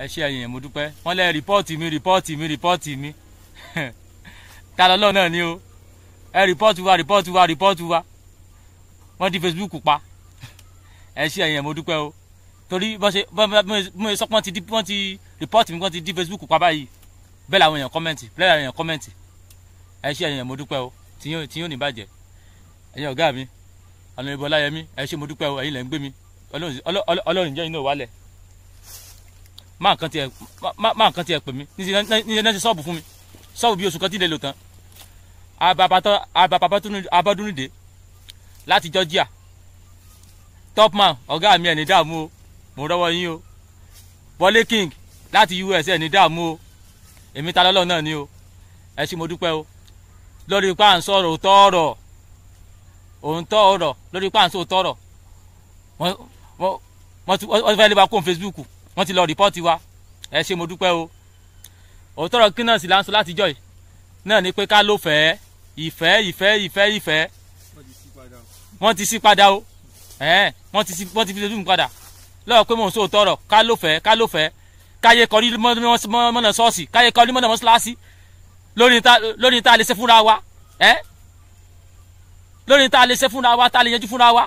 ẹ ṣé ẹ̀yin mo dúpẹ́ wọ́n lẹ́ rìpọ́ọ̀tì mi rìpọ́ọ̀tì mi rìpọ́ọ̀tì mi ta lọ́lọ́ náà ni o ẹ rìpọ́ọ̀tì wa rìpọ́ọ̀tì wa rìpọ́ọ̀tì wa wọ́n di Facebook pa ẹ ṣé ẹ̀yin mo dúpẹ́ o torí bọ́n sọ pé wọ́n ti rìpọ́ọ̀tì mi wọ́n ti di Facebook pa báyìí bẹ́ẹ̀ làwọn èèyàn kọ́mẹ́ǹtì bẹ́ẹ̀ làwọn èèyàn kọ́mẹ́ǹtì ẹ ṣé ẹ̀yin mo dúpẹ́ o tí yóò ní bàjẹ́ ẹ̀yin ọ̀gá mi ọ̀nà ìbọ̀láyẹmí ẹ ṣé mo dúpẹ́ o ẹ̀yin lẹ́ ń gbé mi ọlọ́run jẹ́ inú wa lẹ̀ máa kan tiẹ̀ máa kan tiẹ̀ pè mí níṣẹ́ náà ṣe sọ́ọ̀bù fún mi sọ́ọ̀bù bíi oṣù kan tí ilẹ̀ lò tán ababadúnúdé láti Georgia topman ọ̀gá mi ẹ̀ dààmú o mò ń rọ́wọ́ yín o wọlé king láti US ẹ̀ ní dààmú o èmi ta lọ́lọ́ náà ni o ẹ ṣé mo dúpẹ́ o lórí ipá à ń sọ̀rọ̀ òótọ́ ọ̀rọ̀ òótọ́ ọ̀rọ̀ lórí ipá à ń sọ̀rọ̀ òótọ́ ọ̀rọ̀ wọ́n ti fẹ́ lé wa kó Facebook wọ́n ti lọ rìpọ́ọ̀tì wa ẹ ṣe mo dúpẹ́ o òótọ́rọ̀ kí náà sì là ń sọ látijọ́ yìí náà ni pé ká ló fẹ́ ìfẹ́ ìfẹ́ ìfẹ́ ìfẹ́ wọ́n ti sí padà o wọ́n ti fi lójú mi padà lọ́wọ́ pé mò ń sọ òótọ́rọ̀ ká ló fẹ́ ká ló fẹ́ káyé kọrí mọ́nà ṣọ́ọ̀ṣì káyé kọrí mọ́nà mọ́ṣáláṣí lórí ta lè ṣe fúnra wa lórí ta lè ṣe fúnra wa ta lè yanjú fúnra wa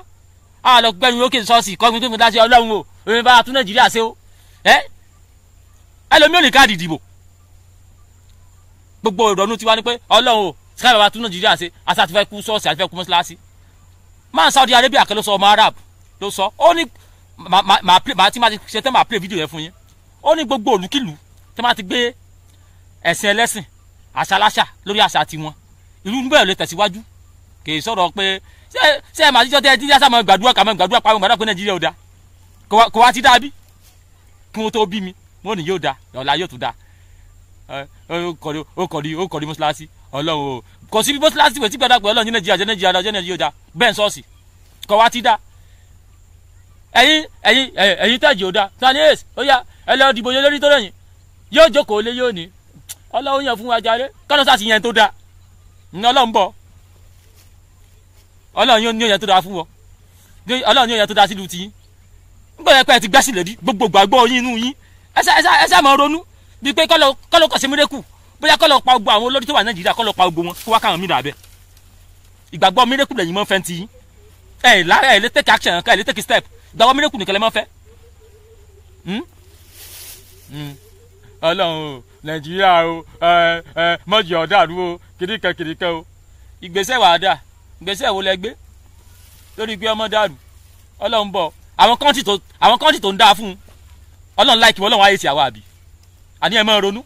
a lọ gbẹrun lókè ṣọ́ọ̀ṣì kọ́gbìn tó fi dá sí ọlọ́run o èmi bá a tún nàìjíríà ṣe o ẹ eh? ẹlòmíì ò ní káàdì ìdìbò gbogbo ìrònú tiwa ni pé ọlọ́run o sky baba tún nàìjíríà ṣe àti àti fẹ́ kú ṣọ́ọ̀ṣì àti fẹ́ kú mọ́ṣáláṣí máa Saudi Arabia kan ló sọ ọmọ Arab ló sọ ó ní màá tí màá ti ṣe tẹ́ màá play video yẹn fún yín ó ní gbogbo òlùkìlù tẹ́ màá ti gbé ẹ̀sìn ẹlẹ́sìn àṣà aláṣà lórí àṣà tiwọn ìlú bẹ́ẹ̀ lè tẹ̀síwájú kì í sọ̀rọ̀ pé ṣé ẹ màá ti jọ́ tẹ́ ẹ ti yá sá mọ́ gbàdúrà kà mọ́ gbàdúrà pàmò gbàdúrà pé Nàìjíríà ò dáa kò wá ti dáa bí kí wọ́n tó bí mi wọ́n ní yóò da ọ̀la yóò tún da ó kọ̀rí ó kọ̀rí mọ́ṣáláṣí ọlọ́run o kò sí bí mọ́ṣáláṣí wẹ̀ tí gbàdá pé ọlọ́run ní nàìjíríà jẹ́ nàìjíríà jẹ́ nàìjíríà da bẹ́ẹ̀ sọ́ọ̀sì kọ̀ wá ti da ẹ̀yin ẹ̀yin ẹ̀yin tẹ̀jì ò da tani ace ó yá ẹ lọ dìbò lórí tó lẹ́yìn yóò jókòó lé yóò ní ọlọ́run yàn fún wa jàre kánú sáà sì yẹn tó da ní ọlọ́run bọ̀ ọlọ́run yóò yẹn tó da fún wọn ọlọ́run yóò yẹn tó da sílùú tiyín bóyá pé ẹ ti gbẹ́sì lẹ́dí gbogbo gbàgbọ́ yín inú yín ẹ ṣáà máa ronú bíi pé kọ́lọ́ kọ̀ sí mírẹ́kù bóyá kọ́lọ́ pa gbogbo àwọn olórí tó wà nàìjíríà kọ́lọ́ pa gbogbo wọn kó wá káwọn mìíràn abẹ ìgbàgbọ́ mírẹ́kù lẹ́yìn máa ń fẹ́ ti yín ẹ lára ẹ lè take action ẹ lè take step ìgbàgbọ́ mírẹ́kù nìkan lè máa fẹ́. Hmm? Hmm. ọlọ́run o nàìjíríà o mọ̀jì ọ̀dàrú o kìdíkan kìdíkan o ìgbésẹ̀ wàá dà ìgbésẹ̀ wo lẹ gbé lórí gbé ọmọ dàrú ọlọ́run bọ̀ àwọn kọ́ńtì tó àwọn kọ́ńtì tó ń dáa fún un ọlọ́run láìkí wọn ọlọ́run ayé ti àwa àbí àní ẹ mọ́ ronú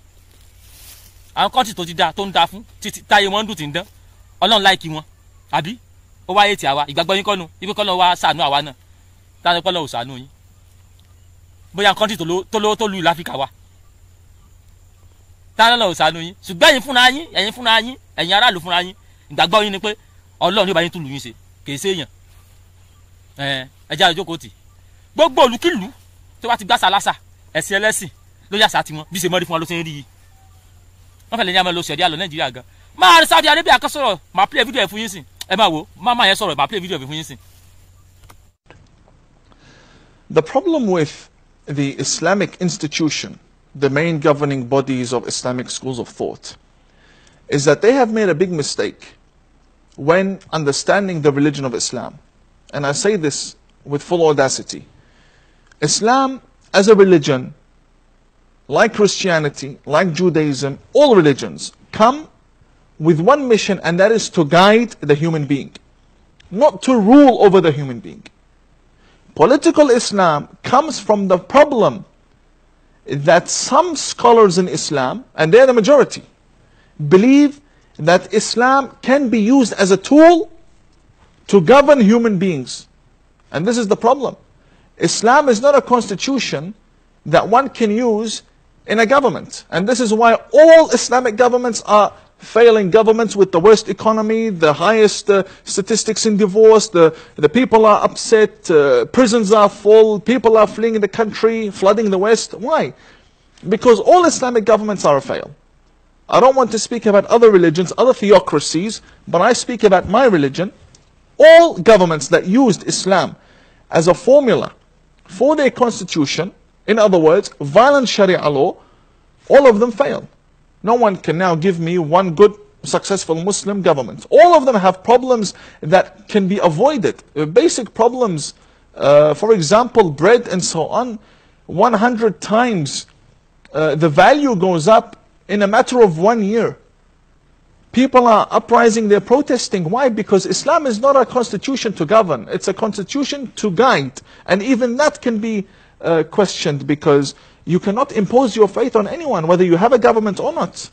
àwọn kọ́ńtì tó ti dáa tó ń dáa fún títí táyé wọn ń dùn tí ń dán ọlọ́run láìkí wọn àbí ó wáyé ti àwa ìgbàgbọ́ yín kọ́nu ibi kọ́lọ́ wa ṣàánú àwa náà táwọn kọ́lọ́ ò ṣàánú yín bóyá kọ́ńtì tó lówó tó lu ìlú áfíríkà wa táwọn kọ́lọ́ ò ṣàánú yín ṣùgbọ́n ẹ̀yin fúnra yín ẹ̀yin fúnra yín ẹ̀yin aráàlú fúnra yín ìgbàgbọ́ yín ni pé ọlọ́run yóò bá yín tún lù yín ṣe kèé ṣèèyàn Eh, ti gbàsà lásà ẹ̀sìn esin yàsà bí ṣe fún wa ló ṣe ń rí i wọn fẹlẹ ní àmọ lọ nàìjíríà gan máa rí Arabia kan sọ̀rọ̀ máa play video ẹ fún yín sìn ẹ máa wo yẹn sọ̀rọ̀ máa play video ẹ fún yín sìn. The problem with the Islamic institution, the main governing bodies of Islamic schools of thought, is that they have made a big mistake when understanding the religion of Islam and I say this with full audacity, Islam as a religion, like Christianity, like Judaism, all religions come with one mission and that is to guide the human being, not to rule over the human being. Political Islam comes from the problem that some scholars in Islam, and they're the majority, believe that Islam can be used as a tool to govern human beings. And this is the problem. Islam is not a constitution that one can use in a government. And this is why all Islamic governments are failing governments with the worst economy, the highest uh, statistics in divorce, the, the people are upset, uh, prisons are full, people are fleeing the country, flooding the West. Why? Because all Islamic governments are a fail. I don't want to speak about other religions, other theocracies, but I speak about my religion all governments that used Islam as a formula for their constitution, in other words, violent Sharia law, all of them failed. No one can now give me one good, successful Muslim government. All of them have problems that can be avoided. Uh, basic problems, uh, for example, bread and so on, 100 times uh, the value goes up in a matter of one year. People are uprising, they're protesting. Why? Because Islam is not a constitution to govern. It's a constitution to guide. And even that can be uh, questioned because you cannot impose your faith on anyone, whether you have a government or not.